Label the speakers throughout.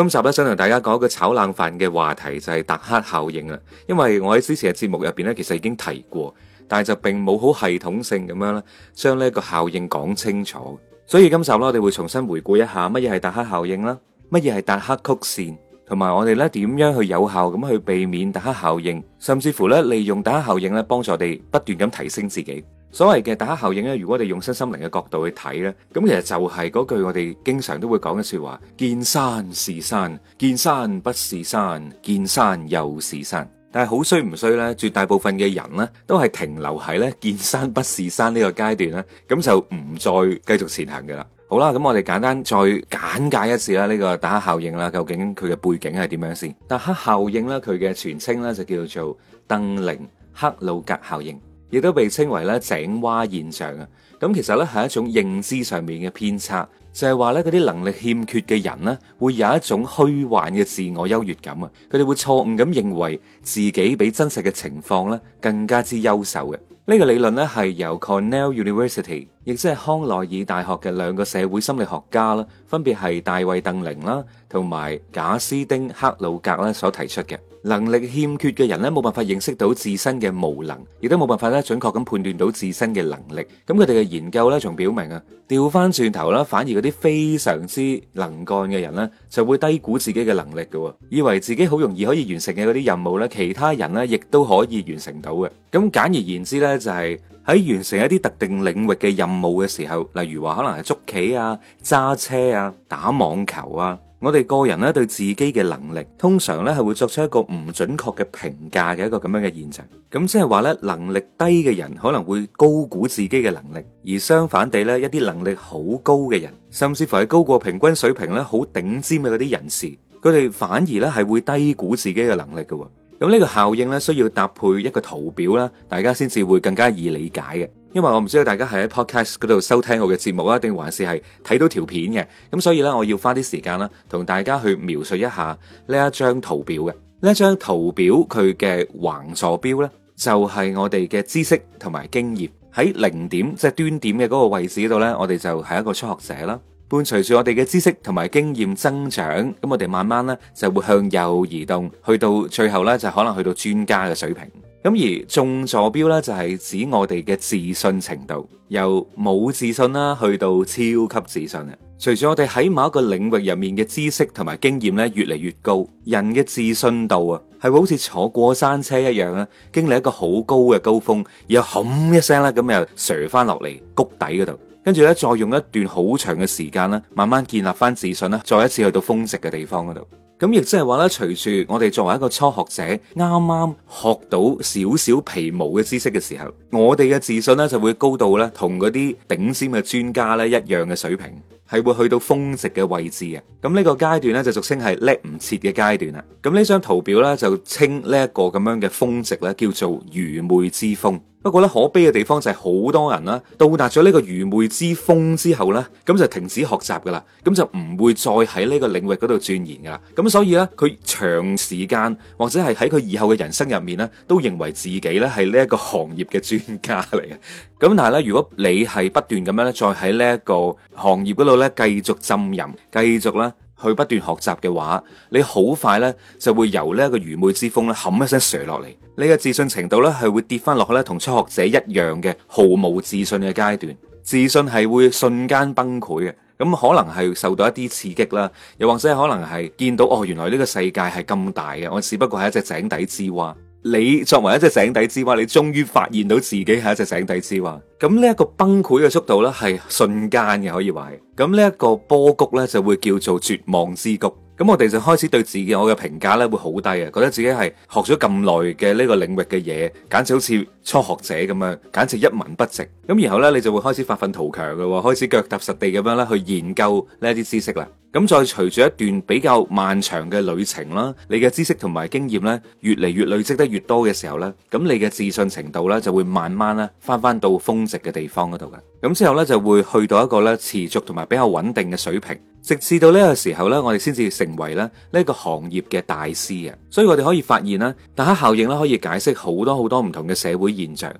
Speaker 1: 今集咧想同大家講一個炒冷飯嘅話題，就係達克效應啦。因為我喺之前嘅節目入邊咧，其實已經提過，但係就並冇好系統性咁樣咧，將呢個效應講清楚。所以今集咧，我哋會重新回顧一下乜嘢係達克效應啦，乜嘢係達克曲線，同埋我哋咧點樣去有效咁去避免達克效應，甚至乎咧利用達克效應咧，幫助我哋不斷咁提升自己。所謂嘅達克效應咧，如果我哋用身心靈嘅角度去睇咧，咁其實就係嗰句我哋經常都會講嘅說話：見山是山，見山不是山，見山又是山。但係好衰唔衰咧？絕大部分嘅人咧，都係停留喺咧見山不是山呢個階段咧，咁就唔再繼續前行嘅啦。好啦，咁我哋簡單再簡介一次啦，呢、這個達克效應啦，究竟佢嘅背景係點樣先？達克效應咧，佢嘅全稱咧就叫做鄧寧克魯格效應。亦都被稱為咧井蛙現象啊！咁其實咧係一種認知上面嘅偏差，就係話咧嗰啲能力欠缺嘅人呢，會有一種虛幻嘅自我優越感啊！佢哋會錯誤咁認為自己比真實嘅情況咧更加之優秀嘅。呢個理論咧係由 Cornell University，亦即係康奈爾大學嘅兩個社會心理學家啦，分別係戴維鄧寧啦同埋賈斯丁克魯格咧所提出嘅。能力欠缺嘅人呢，冇辦法認識到自身嘅無能，亦都冇辦法咧準確咁判斷到自身嘅能力。咁佢哋嘅研究呢，仲表明啊，調翻轉頭啦，反，反而嗰啲非常之能幹嘅人呢，就會低估自己嘅能力嘅，以為自己好容易可以完成嘅嗰啲任務呢，其他人呢，亦都可以完成到嘅。咁簡而言之呢，就係、是、喺完成一啲特定領域嘅任務嘅時候，例如話可能係捉棋啊、揸車啊、打網球啊。我哋個人咧，對自己嘅能力通常咧係會作出一個唔準確嘅評價嘅一個咁樣嘅現象。咁即係話咧，能力低嘅人可能會高估自己嘅能力，而相反地咧，一啲能力好高嘅人，甚至乎係高過平均水平咧，好頂尖嘅嗰啲人士，佢哋反而咧係會低估自己嘅能力嘅。咁呢個效應咧，需要搭配一個圖表啦，大家先至會更加易理解嘅。因為我唔知道大家係喺 podcast 嗰度收聽我嘅節目啊，定還是係睇到條片嘅？咁所以呢，我要花啲時間啦，同大家去描述一下呢一張圖表嘅。呢一張圖表佢嘅橫坐標呢，就係我哋嘅知識同埋經驗喺零點即係端點嘅嗰個位置嗰度呢，我哋就係一個初學者啦。伴隨住我哋嘅知識同埋經驗增長，咁我哋慢慢呢就會向右移動，去到最後呢就可能去到專家嘅水平。咁而縱坐標呢，就係指我哋嘅自信程度，由冇自信啦去到超級自信啊！隨住我哋喺某一個領域入面嘅知識同埋經驗呢越嚟越高，人嘅自信度啊係會好似坐過山車一樣啊，經歷一個好高嘅高峰，然後冚一聲啦，咁又垂翻落嚟谷底嗰度，跟住呢，再用一段好長嘅時間啦，慢慢建立翻自信啦，再一次去到峰值嘅地方嗰度。咁亦即係話咧，隨住我哋作為一個初學者，啱啱學到少少皮毛嘅知識嘅時候，我哋嘅自信咧就會高到咧，同嗰啲頂尖嘅專家咧一樣嘅水平，係會去到峰值嘅位置嘅。咁呢個階段咧就俗稱係叻唔切嘅階段啦。咁呢張圖表咧就稱呢一個咁樣嘅峰值咧叫做愚昧之峰。不過咧，可悲嘅地方就係好多人啦，到達咗呢個愚昧之峰之後呢，咁就停止學習噶啦，咁就唔會再喺呢個領域嗰度鑽研噶啦。咁所以呢，佢長時間或者係喺佢以後嘅人生入面呢，都認為自己呢係呢一個行業嘅專家嚟嘅。咁但係咧，如果你係不斷咁樣咧，再喺呢一個行業嗰度呢，繼續浸淫，繼續呢去不斷學習嘅話，你好快呢，就會由呢一個愚昧之峰咧冚一聲垂落嚟。你嘅自信程度咧，係會跌翻落去咧，同初學者一樣嘅毫無自信嘅階段，自信係會瞬間崩潰嘅。咁可能係受到一啲刺激啦，又或者可能係見到哦，原來呢個世界係咁大嘅，我只不過係一隻井底之蛙。你作為一隻井底之蛙，你終於發現到自己係一隻井底之蛙。咁呢一個崩潰嘅速度咧，係瞬間嘅，可以話係。咁呢一個波谷咧，就會叫做絕望之谷。咁我哋就開始對自己我嘅評價咧會好低啊，覺得自己係學咗咁耐嘅呢個領域嘅嘢，簡直好似初學者咁樣，簡直一文不值。咁然後咧，你就會開始發奮圖強嘅，開始腳踏實地咁樣咧去研究呢一啲知識啦。咁再隨住一段比較漫長嘅旅程啦，你嘅知識同埋經驗咧越嚟越累積得越多嘅時候咧，咁你嘅自信程度咧就會慢慢咧翻翻到峰值嘅地方嗰度嘅。咁之後咧就會去到一個咧持續同埋比較穩定嘅水平。直至到呢個時候呢，我哋先至成為咧呢個行業嘅大師啊！所以我哋可以發現呢，達克效應咧可以解釋好多好多唔同嘅社會現象。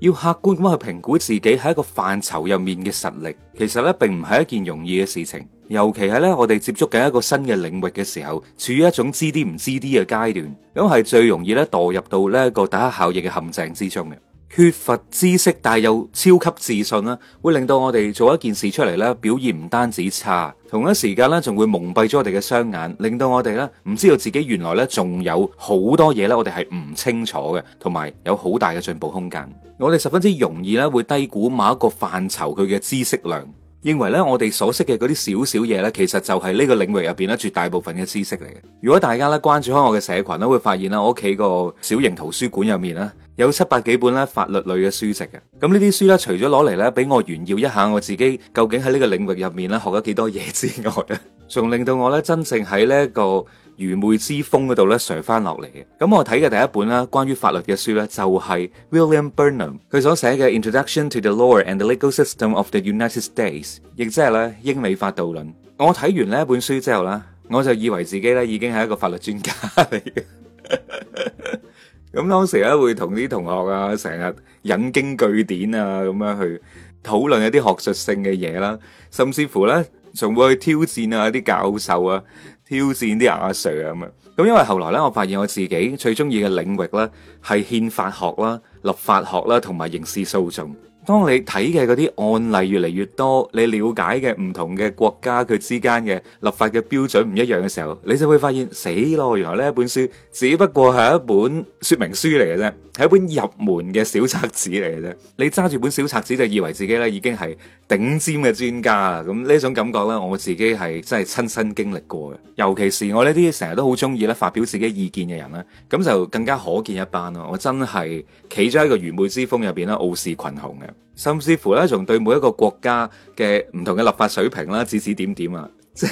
Speaker 1: 要客觀咁去評估自己喺一個範疇入面嘅實力，其實呢並唔係一件容易嘅事情。尤其係呢，我哋接觸緊一個新嘅領域嘅時候，處於一種知啲唔知啲嘅階段，咁係最容易呢墮入到呢一個達克效應嘅陷阱之中嘅。缺乏知識，但又超級自信啦，會令到我哋做一件事出嚟咧，表現唔單止差，同一時間咧，仲會蒙蔽咗我哋嘅雙眼，令到我哋咧唔知道自己原來咧仲有好多嘢咧，我哋係唔清楚嘅，同埋有好大嘅進步空間。我哋十分之容易咧，會低估某一個範疇佢嘅知識量，認為咧我哋所識嘅嗰啲少少嘢咧，其實就係呢個領域入邊咧絕大部分嘅知識嚟嘅。如果大家咧關注開我嘅社群咧，會發現啦，我屋企個小型圖書館入面咧。有七百幾本咧法律類嘅書籍嘅，咁呢啲書咧，除咗攞嚟咧俾我炫耀一下我自己究竟喺呢個領域入面咧學咗幾多嘢之外，仲令到我咧真正喺呢一個愚昧之風嗰度咧上翻落嚟嘅。咁我睇嘅第一本咧關於法律嘅書咧就係 William Burnham 佢所寫嘅 Introduction to the Law and the Legal System of the United States，亦即係咧英美法導論。我睇完呢一本書之後啦，我就以為自己咧已經係一個法律專家嚟嘅。咁當時咧會同啲同學啊，成日引經據典啊咁樣去討論一啲學術性嘅嘢啦，甚至乎呢，仲會去挑戰啊啲教授啊，挑戰啲阿 Sir 咁啊。咁因為後來呢，我發現我自己最中意嘅領域呢，係憲法學啦、立法學啦同埋刑事訴訟。當你睇嘅嗰啲案例越嚟越多，你了解嘅唔同嘅國家佢之間嘅立法嘅標準唔一樣嘅時候，你就會發現死咯！原來呢一本書只不過係一本說明書嚟嘅啫，係一本入門嘅小冊子嚟嘅啫。你揸住本小冊子就以為自己咧已經係頂尖嘅專家喇！咁呢種感覺呢，我自己係真係親身經歷過嘅。尤其是我呢啲成日都好中意咧發表自己意見嘅人咧，咁就更加可見一斑咯。我真係企咗喺個愚昧之風入邊咧傲視群雄嘅。甚至乎呢，仲對每一個國家嘅唔同嘅立法水平啦，指指點點啊！即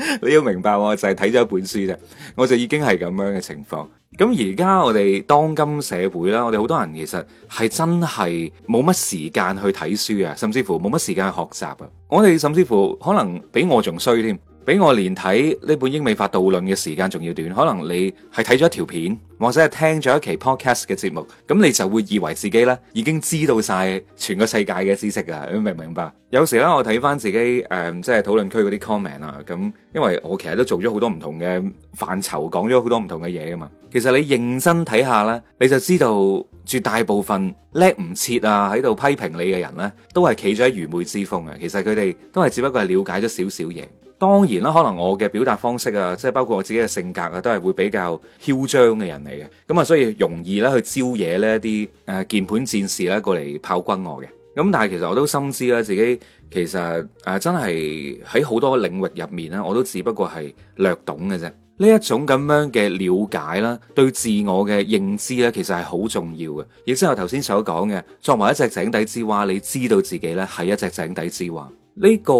Speaker 1: 你要明白我，我就係睇咗一本書啫，我就已經係咁樣嘅情況。咁而家我哋當今社會啦，我哋好多人其實係真係冇乜時間去睇書啊，甚至乎冇乜時間去學習啊。我哋甚至乎可能比我仲衰添。俾我連睇呢本英美法導論嘅時間仲要短，可能你係睇咗一條片，或者係聽咗一期 podcast 嘅節目，咁你就會以為自己呢已經知道晒全個世界嘅知識啊。你明唔明白？有時呢，我睇翻自己誒、嗯，即係討論區嗰啲 comment 啊，咁因為我其實都做咗好多唔同嘅範疇，講咗好多唔同嘅嘢啊嘛。其實你認真睇下呢，你就知道絕大部分叻唔切啊，喺度批評你嘅人呢，都係企咗喺愚昧之峰啊。其實佢哋都係只不過係了解咗少少嘢。當然啦，可能我嘅表達方式啊，即係包括我自己嘅性格啊，都係會比較囂張嘅人嚟嘅，咁啊，所以容易咧去招惹呢一啲誒鍵盤戰士咧過嚟炮轟我嘅。咁但係其實我都深知咧，自己其實誒、啊、真係喺好多領域入面咧，我都只不過係略懂嘅啫。呢一種咁樣嘅了解啦，對自我嘅認知咧，其實係好重要嘅。亦即係我頭先所講嘅，作為一隻井底之蛙，你知道自己咧係一隻井底之蛙。呢、這個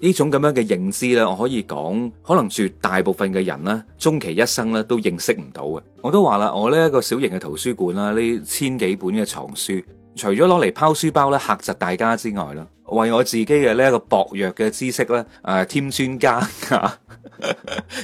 Speaker 1: 呢種咁樣嘅認知呢，我可以講，可能絕大部分嘅人呢，終其一生呢都認識唔到嘅。我都話啦，我呢一個小型嘅圖書館啦，呢千幾本嘅藏書，除咗攞嚟拋書包咧吓窒大家之外啦，為我自己嘅呢一個薄弱嘅知識咧，誒、呃、添磚加瓦、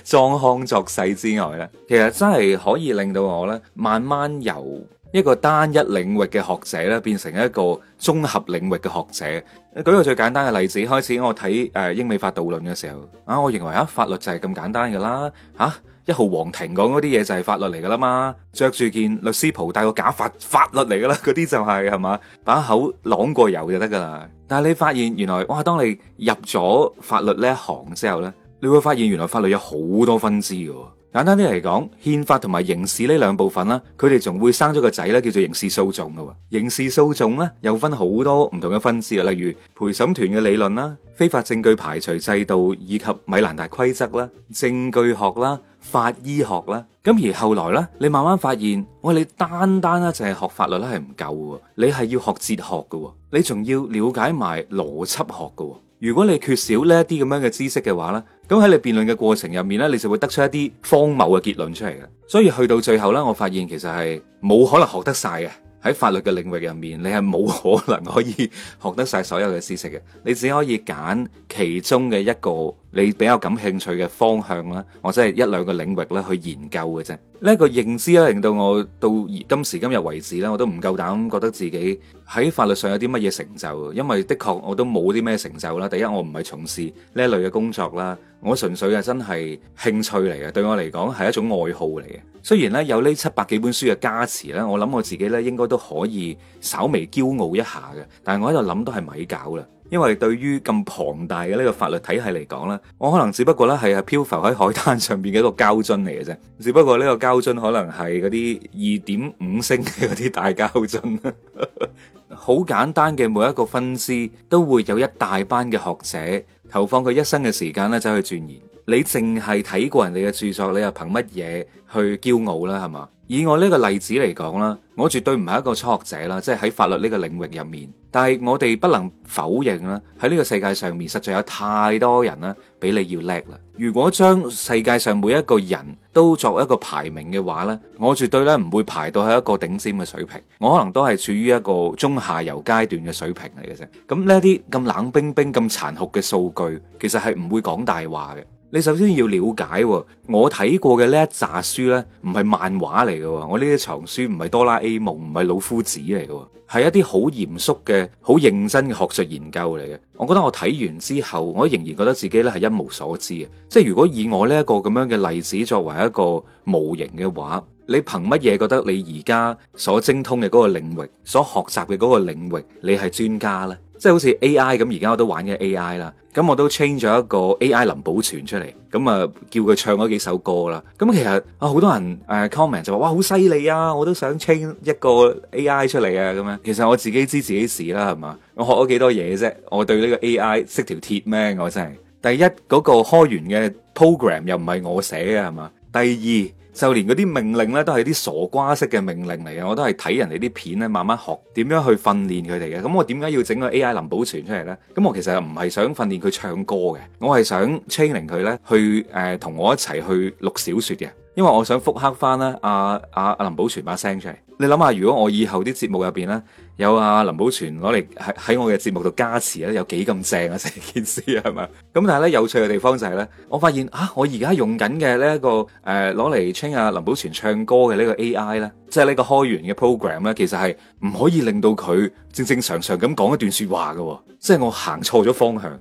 Speaker 1: 裝腔作勢之外咧，其實真係可以令到我咧慢慢由一個單一領域嘅學者咧，變成一個綜合領域嘅學者。舉個最簡單嘅例子，開始我睇誒、呃、英美法導論嘅時候，啊我認為啊法律就係咁簡單噶啦，吓、啊、一號皇庭講嗰啲嘢就係法律嚟噶啦嘛，着住件律師袍，戴個假髮，法律嚟噶啦，嗰啲就係係嘛，把口朗過油就得噶啦。但係你發現原來，哇，當你入咗法律呢一行之後呢，你會發現原來法律有好多分支噶。簡單啲嚟講，憲法同埋刑事呢兩部分啦，佢哋仲會生咗個仔咧，叫做刑事訴訟噶。刑事訴訟咧又分好多唔同嘅分支，例如陪審團嘅理論啦、非法證據排除制度以及米蘭達規則啦、證據學啦、法醫學啦。咁而後來咧，你慢慢發現，哇，你單單咧淨係學法律咧係唔夠噶，你係要學哲學噶，你仲要了解埋邏輯學噶。如果你缺少呢一啲咁樣嘅知識嘅話呢，咁喺你辯論嘅過程入面呢，你就會得出一啲荒謬嘅結論出嚟嘅。所以去到最後呢，我發現其實係冇可能學得曬嘅。喺法律嘅領域入面，你係冇可能可以學得曬所有嘅知識嘅。你只可以揀其中嘅一個。你比較感興趣嘅方向啦，或者係一兩個領域咧去研究嘅啫。呢一個認知咧，令到我到今時今日為止咧，我都唔夠膽覺得自己喺法律上有啲乜嘢成就，因為的確我都冇啲咩成就啦。第一，我唔係從事呢一類嘅工作啦，我純粹係真係興趣嚟嘅，對我嚟講係一種愛好嚟嘅。雖然咧有呢七百幾本書嘅加持咧，我諗我自己咧應該都可以稍微驕傲一下嘅，但係我喺度諗都係咪搞啦。因為對於咁龐大嘅呢個法律體系嚟講呢，我可能只不過咧，係阿漂浮喺海灘上邊嘅一個膠樽嚟嘅啫，只不過呢個膠樽可能係嗰啲二點五升嘅嗰啲大膠樽，好 簡單嘅，每一個分支都會有一大班嘅學者投放佢一生嘅時間咧，走去鑽研。你淨係睇過人哋嘅著作，你又憑乜嘢去驕傲啦？係嘛？以我呢個例子嚟講啦，我絕對唔係一個初學者啦，即係喺法律呢個領域入面。但係我哋不能否認啦，喺呢個世界上面，實在有太多人啦，比你要叻啦。如果將世界上每一個人都作為一個排名嘅話呢，我絕對咧唔會排到喺一個頂尖嘅水平。我可能都係處於一個中下游階段嘅水平嚟嘅啫。咁呢啲咁冷冰冰、咁殘酷嘅數據，其實係唔會講大話嘅。你首先要了解，我睇過嘅呢一紮書咧，唔係漫畫嚟嘅，我呢啲藏書唔係哆啦 A 夢，唔係老夫子嚟嘅，係一啲好嚴肅嘅、好認真嘅學術研究嚟嘅。我覺得我睇完之後，我仍然覺得自己咧係一無所知嘅。即係如果以我呢一個咁樣嘅例子作為一個模型嘅話，你憑乜嘢覺得你而家所精通嘅嗰個領域、所學習嘅嗰個領域，你係專家咧？即係好似 AI 咁，而家我都玩緊 AI 啦，咁我都 train 咗一個 AI 能保存出嚟，咁啊叫佢唱嗰幾首歌啦。咁其實啊，好多人誒 comment 就話，哇好犀利啊，我都想 train 一個 AI 出嚟啊咁樣。其實我自己知自己事啦，係嘛？我學咗幾多嘢啫？我對呢個 AI 識條鐵咩？我真係第一，嗰個開源嘅 program 又唔係我寫嘅，係嘛？第二。就連嗰啲命令咧，都係啲傻瓜式嘅命令嚟嘅，我都係睇人哋啲片咧，慢慢學點樣去訓練佢哋嘅。咁我點解要整個 AI 林保全出嚟呢？咁我其實唔係想訓練佢唱歌嘅，我係想 training 佢咧，去誒同我一齊去錄小説嘅。因為我想復刻翻咧、啊，阿阿阿林保全把聲出嚟。你諗下，如果我以後啲節目入邊咧，有阿、啊、林保全攞嚟喺喺我嘅節目度加持，咧，有幾咁正啊！成件事啊，係嘛？咁但係呢，有趣嘅地方就係、是、呢：我發現嚇、啊、我而家用緊嘅呢一個誒攞嚟 train 阿林保全唱歌嘅呢個 AI 咧，即係呢個開源嘅 program 咧，其實係唔可以令到佢正正常常咁講一段説話嘅，即係我行錯咗方向。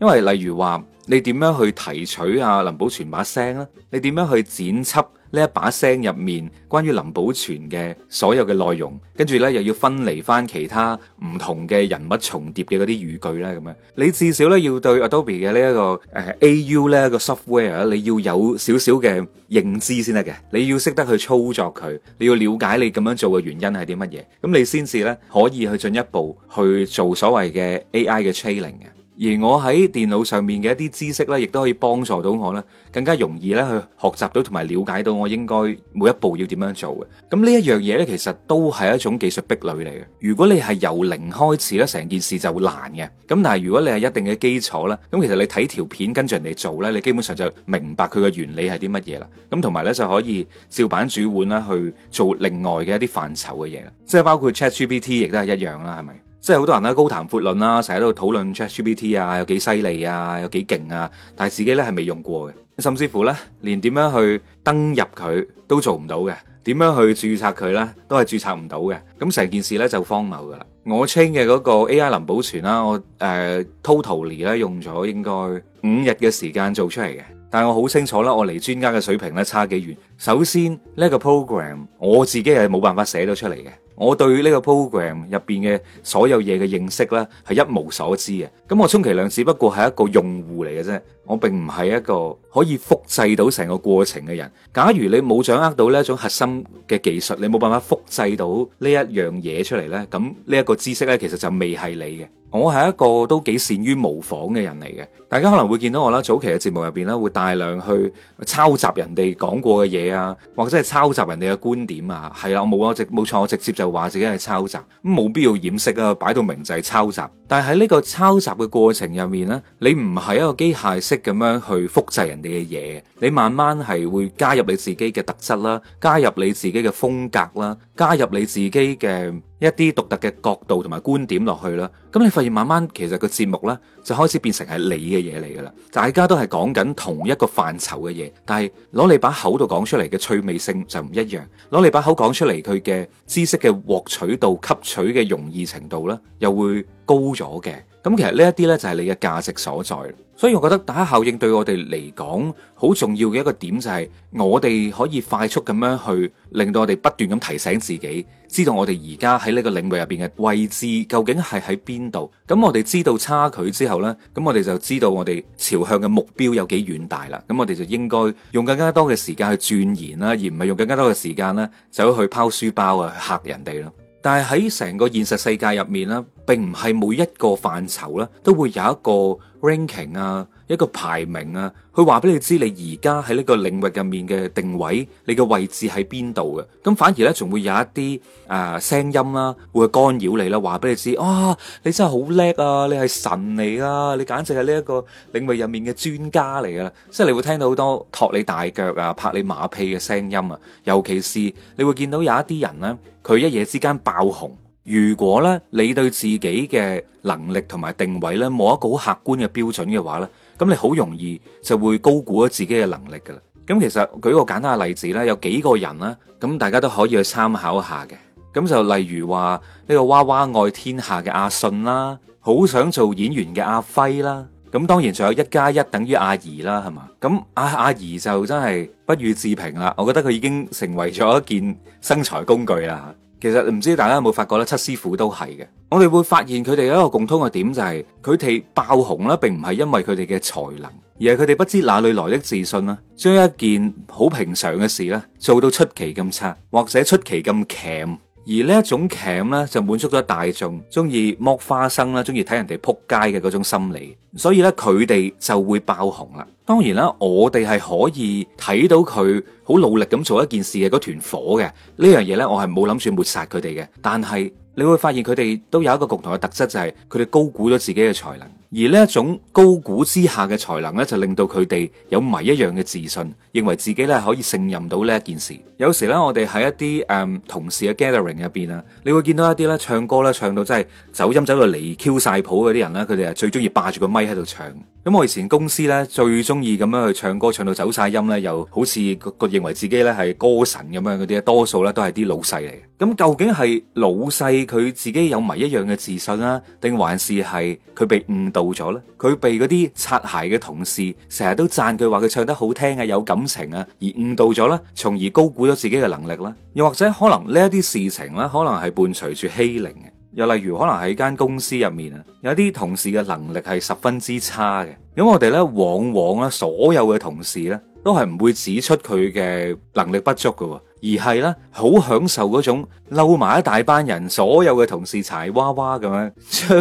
Speaker 1: 因為例如話，你點樣去提取啊林保全把聲咧？你點樣去剪輯呢一把聲入面關於林保全嘅所有嘅內容？跟住咧又要分離翻其他唔同嘅人物重疊嘅嗰啲語句咧？咁樣你至少咧要對 Adobe 嘅呢、這、一個誒、啊、AU 呢個 software 你要有少少嘅認知先得嘅，你要識得去操作佢，你要了解你咁樣做嘅原因係啲乜嘢，咁你先至咧可以去進一步去做所謂嘅 AI 嘅 training 嘅。而我喺電腦上面嘅一啲知識呢，亦都可以幫助到我咧，更加容易呢去學習到同埋了解到我應該每一步要點樣做嘅。咁呢一樣嘢呢，其實都係一種技術壁壘嚟嘅。如果你係由零開始呢，成件事就難嘅。咁但係如果你係一定嘅基礎呢，咁其實你睇條片跟住人哋做呢，你基本上就明白佢嘅原理係啲乜嘢啦。咁同埋呢，就可以照板煮碗啦，去做另外嘅一啲範疇嘅嘢啦。即係包括 ChatGPT 亦都係一樣啦，係咪？即係好多人咧高談闊論啦，成日喺度討論 ChatGPT 啊，有幾犀利啊，有幾勁啊，但係自己咧係未用過嘅，甚至乎咧連點樣去登入佢都做唔到嘅，點樣去註冊佢咧都係註冊唔到嘅，咁成件事咧就荒謬噶啦。我 train 嘅嗰個 AI 臨保存啦，我誒、uh, Totally 咧用咗應該五日嘅時間做出嚟嘅，但係我好清楚啦，我離專家嘅水平咧差幾遠。首先呢、呢個 program 我自己係冇辦法寫到出嚟嘅。我對呢個 program 入邊嘅所有嘢嘅認識呢，係一無所知嘅。咁我充其量只不過係一個用戶嚟嘅啫。我並唔係一個可以複製到成個過程嘅人。假如你冇掌握到呢一種核心嘅技術，你冇辦法複製到呢一樣嘢出嚟呢，咁呢一個知識呢，其實就未係你嘅。我係一個都幾善於模仿嘅人嚟嘅。大家可能會見到我啦，早期嘅節目入邊咧，會大量去抄襲人哋講過嘅嘢啊，或者係抄襲人哋嘅觀點啊。係啊，我冇我直冇錯，我直接就話自己係抄襲，咁冇必要掩飾啊，擺到明就係抄襲。但係喺呢個抄襲嘅過程入面呢，你唔係一個機械式咁樣去複製人哋嘅嘢，你慢慢係會加入你自己嘅特質啦，加入你自己嘅風格啦，加入你自己嘅一啲獨特嘅角度同埋觀點落去啦。咁你發現慢慢其實個節目呢就開始變成係你嘅嘢嚟噶啦。大家都係講緊同一個範疇嘅嘢，但係攞你把口度講出嚟嘅趣味性就唔一樣，攞你把口講出嚟佢嘅知識嘅獲取度、吸取嘅容易程度呢，又會高咗嘅，咁其實呢一啲呢，就係你嘅價值所在，所以我覺得達克效應對我哋嚟講好重要嘅一個點就係我哋可以快速咁樣去令到我哋不斷咁提醒自己，知道我哋而家喺呢個領域入邊嘅位置究竟係喺邊度。咁我哋知道差距之後呢，咁我哋就知道我哋朝向嘅目標有幾遠大啦。咁我哋就應該用更加多嘅時間去鑽研啦，而唔係用更加多嘅時間呢，走去拋書包啊去嚇人哋咯。但係喺成個現實世界入面咧，並唔係每一個範疇咧，都會有一個 ranking 啊。一個排名啊，佢話俾你知你而家喺呢個領域入面嘅定位，你嘅位置喺邊度嘅？咁反而呢，仲會有一啲、呃、啊聲音啦，會干擾你啦，話俾你知啊，你真係好叻啊，你係神嚟啊，你簡直係呢一個領域入面嘅專家嚟嘅啦。即係你會聽到好多托你大腳啊、拍你馬屁嘅聲音啊，尤其是你會見到有一啲人呢，佢一夜之間爆紅。如果咧，你對自己嘅能力同埋定位咧，冇一個好客觀嘅標準嘅話咧，咁你好容易就會高估咗自己嘅能力噶啦。咁其實舉個簡單嘅例子咧，有幾個人啦，咁大家都可以去參考下嘅。咁就例如話呢個娃娃愛天下嘅阿信啦，好想做演員嘅阿輝啦。咁當然仲有一加一等於阿儀啦，係嘛？咁阿阿儀就真係不予置評啦。我覺得佢已經成為咗一件生財工具啦。其實唔知大家有冇發覺咧，七師父都係嘅。我哋會發現佢哋有一個共通嘅點就係、是，佢哋爆紅咧，並唔係因為佢哋嘅才能，而係佢哋不知哪裏來的自信啦，將一件好平常嘅事咧，做到出奇咁差，或者出奇咁強。而呢一種 cam 咧就滿足咗大眾中意剝花生啦，中意睇人哋撲街嘅嗰種心理，所以咧佢哋就會爆紅啦。當然啦，我哋係可以睇到佢好努力咁做一件事嘅嗰團火嘅呢樣嘢呢，我係冇諗住抹殺佢哋嘅。但係你會發現佢哋都有一個共同嘅特質，就係佢哋高估咗自己嘅才能。而呢一種高估之下嘅才能呢，就令到佢哋有迷一樣嘅自信，認為自己呢可以勝任到呢一件事。有時呢，我哋喺一啲誒同事嘅 gathering 入邊啊，你會見到一啲咧唱歌咧唱到真係走音走到離 Q 晒譜嗰啲人呢，佢哋啊最中意霸住個咪喺度唱。咁我以前公司呢，最中意咁樣去唱歌，唱到走晒音呢，又好似個個認為自己呢係歌神咁樣嗰啲，多數呢都係啲老細嚟。咁究竟係老細佢自己有迷一樣嘅自信啦，啊，定還是係佢被誤導咗呢？佢被嗰啲擦鞋嘅同事成日都讚佢話佢唱得好聽啊，有感情啊，而誤導咗呢，從而高估咗自己嘅能力啦，啊。又或者可能呢一啲事情呢，可能係伴隨住欺凌嘅。又例如可能喺間公司入面啊，有啲同事嘅能力係十分之差嘅，咁我哋呢，往往呢所有嘅同事呢，都係唔會指出佢嘅能力不足嘅。而係咧，好享受嗰種嬲埋一大班人，所有嘅同事柴娃娃咁樣，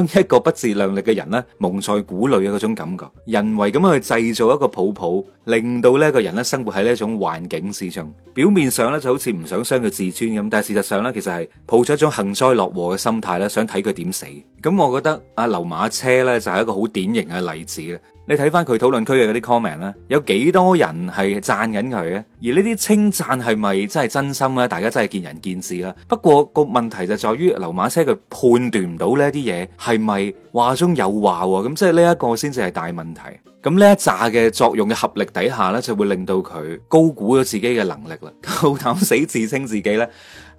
Speaker 1: 將一個不自量力嘅人咧蒙在鼓裡嘅嗰種感覺，人為咁樣去製造一個泡泡，令到呢個人咧生活喺呢一種環境之中。表面上咧就好似唔想傷佢自尊咁，但係事實上咧其實係抱咗一種幸災樂禍嘅心態咧，想睇佢點死。咁我覺得阿劉馬車咧就係一個好典型嘅例子啦。你睇翻佢討論區嘅嗰啲 comment 咧，有幾多人係讚緊佢咧？而呢啲稱讚係咪真係真心咧？大家真係見仁見智啦。不過個問題就在於劉馬車佢判斷唔到呢一啲嘢係咪話中有話喎。咁即係呢一個先至係大問題。咁呢一扎嘅作用嘅合力底下咧，就會令到佢高估咗自己嘅能力啦，夠膽死自稱自己咧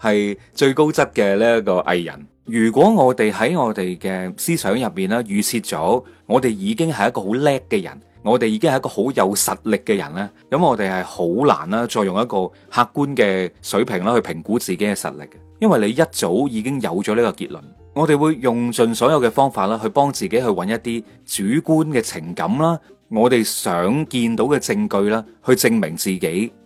Speaker 1: 係最高質嘅呢一個藝人。如果我哋喺我哋嘅思想入邊咧，預設咗我哋已經係一個好叻嘅人，我哋已經係一個好有實力嘅人啦，咁我哋係好難啦，再用一個客觀嘅水平啦去評估自己嘅實力嘅，因為你一早已經有咗呢個結論，我哋會用盡所有嘅方法啦，去幫自己去揾一啲主觀嘅情感啦，我哋想見到嘅證據啦，去證明自己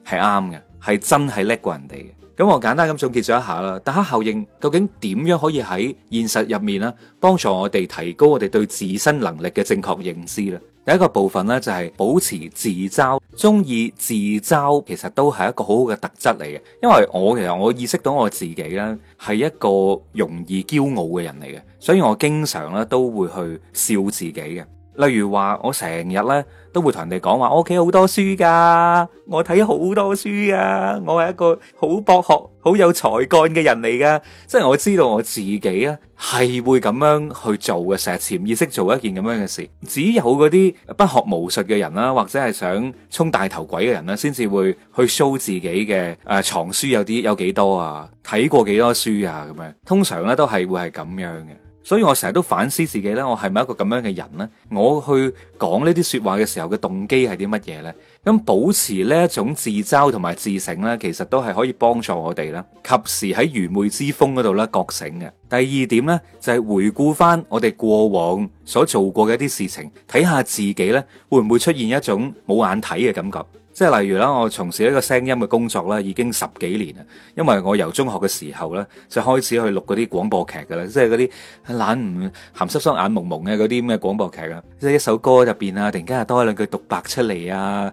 Speaker 1: 係啱嘅，係真係叻過人哋嘅。咁我簡單咁總結咗一下啦，達克效應究竟點樣可以喺現實入面咧幫助我哋提高我哋對自身能力嘅正確認知咧？第一個部分咧就係、是、保持自嘲，中意自嘲其實都係一個好好嘅特質嚟嘅，因為我其實我意識到我自己咧係一個容易驕傲嘅人嚟嘅，所以我經常咧都會去笑自己嘅。例如話，我成日咧都會同人哋講話，我屋企好多書噶，我睇好多書噶，我係一個好博學、好有才幹嘅人嚟噶。即係我知道我自己啊，係會咁樣去做嘅，成日潛意識做一件咁樣嘅事。只有嗰啲不學無術嘅人啦，或者係想充大頭鬼嘅人啦，先至會去 show 自己嘅誒藏書有啲有幾多啊，睇過幾多書啊咁樣。通常咧都係會係咁樣嘅。所以我成日都反思自己咧，我係咪一個咁樣嘅人呢？我去講呢啲說話嘅時候嘅動機係啲乜嘢呢？咁保持呢一種自嘲同埋自省呢，其實都係可以幫助我哋啦，及時喺愚昧之峰嗰度咧覺醒嘅。第二點呢，就係回顧翻我哋過往所做過嘅一啲事情，睇下自己呢會唔會出現一種冇眼睇嘅感覺。即係例如啦，我從事一個聲音嘅工作咧，已經十幾年啦。因為我由中學嘅時候咧，就開始去錄嗰啲廣播劇㗎啦，即係嗰啲懶唔含濕濕眼矇矇嘅嗰啲咩嘅廣播劇啊，即係一首歌入邊啊，突然間又多一兩句獨白出嚟啊，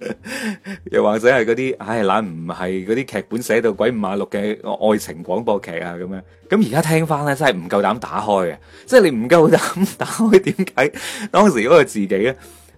Speaker 1: 又或者係嗰啲唉懶唔係嗰啲劇本寫到鬼五馬六嘅愛情廣播劇啊咁樣。咁而家聽翻咧，真係唔夠膽打開嘅，即係你唔夠膽打開，點解當時嗰個自己咧？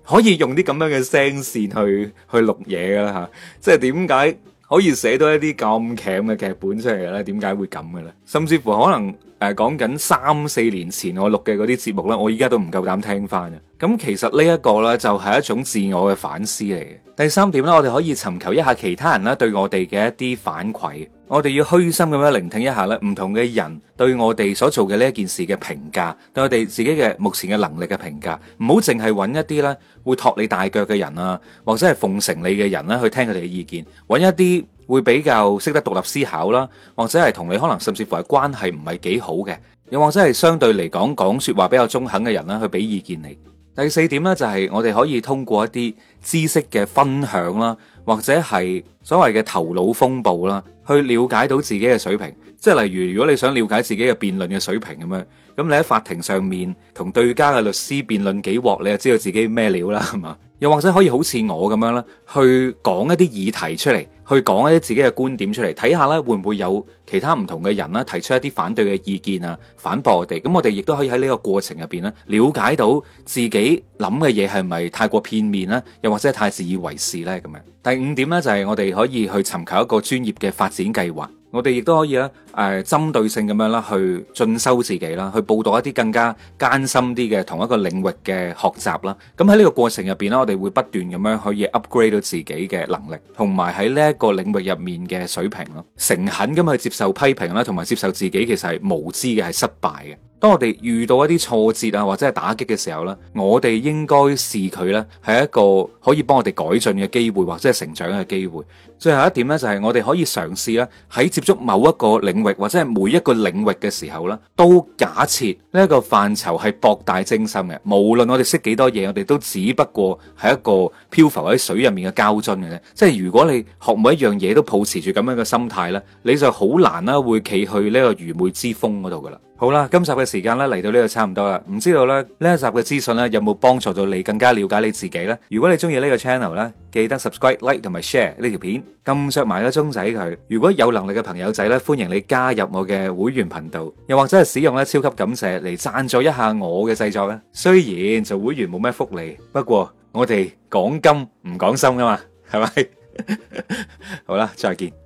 Speaker 1: 可以用啲咁樣嘅聲線去去錄嘢㗎啦吓，即係點解可以寫到一啲咁強嘅劇本出嚟嘅咧？點解會咁嘅咧？甚至乎可能。誒講緊三四年前我錄嘅嗰啲節目呢，我依家都唔夠膽聽翻嘅。咁其實呢一個呢，就係一種自我嘅反思嚟嘅。第三點呢，我哋可以尋求一下其他人咧對我哋嘅一啲反饋，我哋要虛心咁樣聆聽一下咧，唔同嘅人對我哋所做嘅呢一件事嘅評價，對我哋自己嘅目前嘅能力嘅評價，唔好淨係揾一啲呢會托你大腳嘅人啊，或者係奉承你嘅人呢去聽佢哋嘅意見，揾一啲。會比較識得獨立思考啦，或者係同你可能甚至乎係關係唔係幾好嘅，又或者係相對嚟講講說話比較中肯嘅人啦，去俾意見你。第四點呢，就係我哋可以通過一啲知識嘅分享啦，或者係所謂嘅頭腦風暴啦，去了解到自己嘅水平。即係例如如果你想了解自己嘅辯論嘅水平咁樣，咁你喺法庭上面同對家嘅律師辯論幾鑊，你就知道自己咩料啦，係嘛？又或者可以好似我咁樣啦，去講一啲議題出嚟，去講一啲自己嘅觀點出嚟，睇下咧會唔會有其他唔同嘅人咧提出一啲反對嘅意見啊，反駁我哋。咁我哋亦都可以喺呢個過程入邊咧，了解到自己諗嘅嘢係咪太過片面咧，又或者太自以為是咧咁樣。第五點咧就係我哋可以去尋求一個專業嘅發展計劃。我哋亦都可以咧，誒，針對性咁樣咧，去進修自己啦，去報讀一啲更加艱辛啲嘅同一個領域嘅學習啦。咁喺呢個過程入邊咧，我哋會不斷咁樣可以 upgrade 到自己嘅能力，同埋喺呢一個領域入面嘅水平咯。誠懇咁去接受批評啦，同埋接受自己其實係無知嘅，係失敗嘅。當我哋遇到一啲挫折啊，或者係打擊嘅時候咧，我哋應該視佢咧係一個可以幫我哋改進嘅機會，或者係成長嘅機會。最後一點咧，就係我哋可以嘗試咧喺接觸某一個領域，或者係每一個領域嘅時候咧，都假設。呢一個範疇係博大精深嘅，無論我哋識幾多嘢，我哋都只不過係一個漂浮喺水入面嘅膠樽嘅啫。即係如果你學每一樣嘢都抱持住咁樣嘅心態咧，你就好難啦，會企去呢個愚昧之峰嗰度噶啦。好啦，今集嘅時間咧嚟到呢度差唔多啦。唔知道咧呢一集嘅資訊咧有冇幫助到你更加了解你自己咧？如果你中意呢個 channel 咧，記得 subscribe、like 同埋 share 呢條片，撳著埋個鐘仔佢。如果有能力嘅朋友仔咧，歡迎你加入我嘅會員頻道，又或者係使用咧超級感謝，嚟贊助一下我嘅製作啦。雖然就會員冇咩福利，不過我哋講金唔講心噶嘛，係咪？ 好啦，再見。